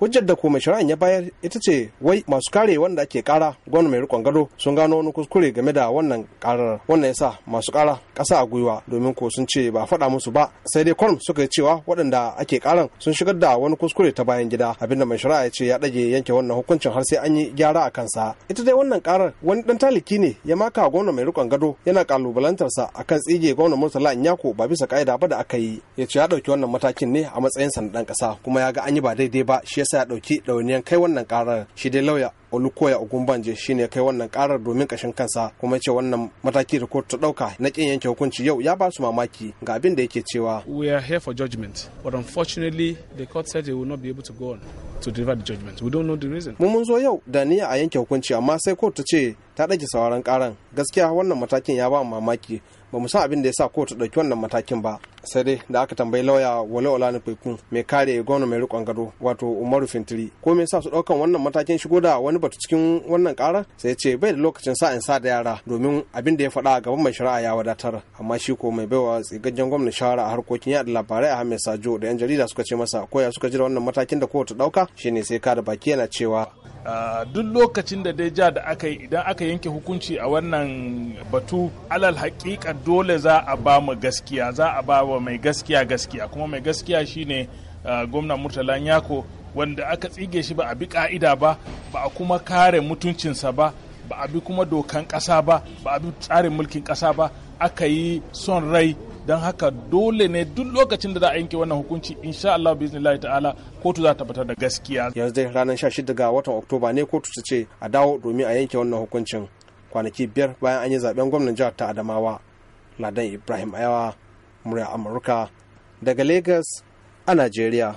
hujjar da kuma shari'an ya bayar ita ce wai masu kare wanda ake kara gwamnati mai rikon gado sun gano wani kuskure game da wannan karar wannan yasa masu kara kasa a gwiwa domin ko sun ce ba faɗa musu ba sai dai kwarm suka yi cewa waɗanda ake karan sun shigar da wani kuskure ta bayan gida abinda mai shari'a ya ce ya ɗage yanke wannan hukuncin har sai an yi gyara a kansa ita dai wannan karar wani ɗan taliki ne ya maka gwamnati mai rikon gado yana kalubalantarsa akan tsige gwamna murtala yako ba bisa ka'ida ba da aka yi ya ce ya ɗauki wannan matakin ne a matsayin sanadan ƙasa kuma ya ga an yi ba daidai ba shi yasa ɗauki ɗauniyar kai wannan ƙarar shi dai lauya olukoya ogunbanje shine ya kai wannan karar domin kashin kansa kuma ce wannan mataki da kotu ta dauka na kin yanke hukunci yau ya ba su mamaki ga abin da yake cewa we are here for judgment but unfortunately the court said they will not be able to go on to deliver the judgment we don't know the reason mun zo yau da niyya a yanke hukunci amma sai kotu ce ta dage sauran karan gaskiya wannan matakin ya ba mamaki ba mu san abin da yasa sa kotu dauki wannan matakin ba sai dai da aka tambayi lauya wale kun mai kare gwamna mai rikon gado wato umaru fintiri ko me yasa su daukan wannan matakin shigo da wani Albert cikin wannan kara sai ce bai da lokacin sa'in sa da yara domin abin da ya faɗa a gaban mai shari'a ya wadatar amma shi ko mai baiwa tsigaggen gwamna shawara a harkokin yada labarai a hamis Sajo da 'yan jarida suka ce masa koya suka jira wannan matakin da kowace ɗauka shine sai ka da baki yana cewa duk lokacin da dai ja da aka yi idan aka yanke hukunci a wannan batu alal haƙiƙa dole za a ba mu gaskiya za a ba wa mai gaskiya gaskiya kuma mai gaskiya shine gwamna murtala yako wanda aka tsige shi ba a bi ka'ida ba ba a kuma kare mutuncinsa ba ba a bi kuma dokan ƙasa ba ba a bi tsarin mulkin ƙasa ba aka yi son rai don haka dole ne duk lokacin da za a yanke wannan hukunci insha Allah bismillah ta'ala kotu za ta da gaskiya yanzu dai ranar 16 ga watan Oktoba ne kotu ta ce a dawo domin a yanke wannan hukuncin kwanaki biyar bayan an yi zaben gwamnan jihar ta Adamawa Ladan Ibrahim Ayawa murya Amurka daga Lagos a Najeriya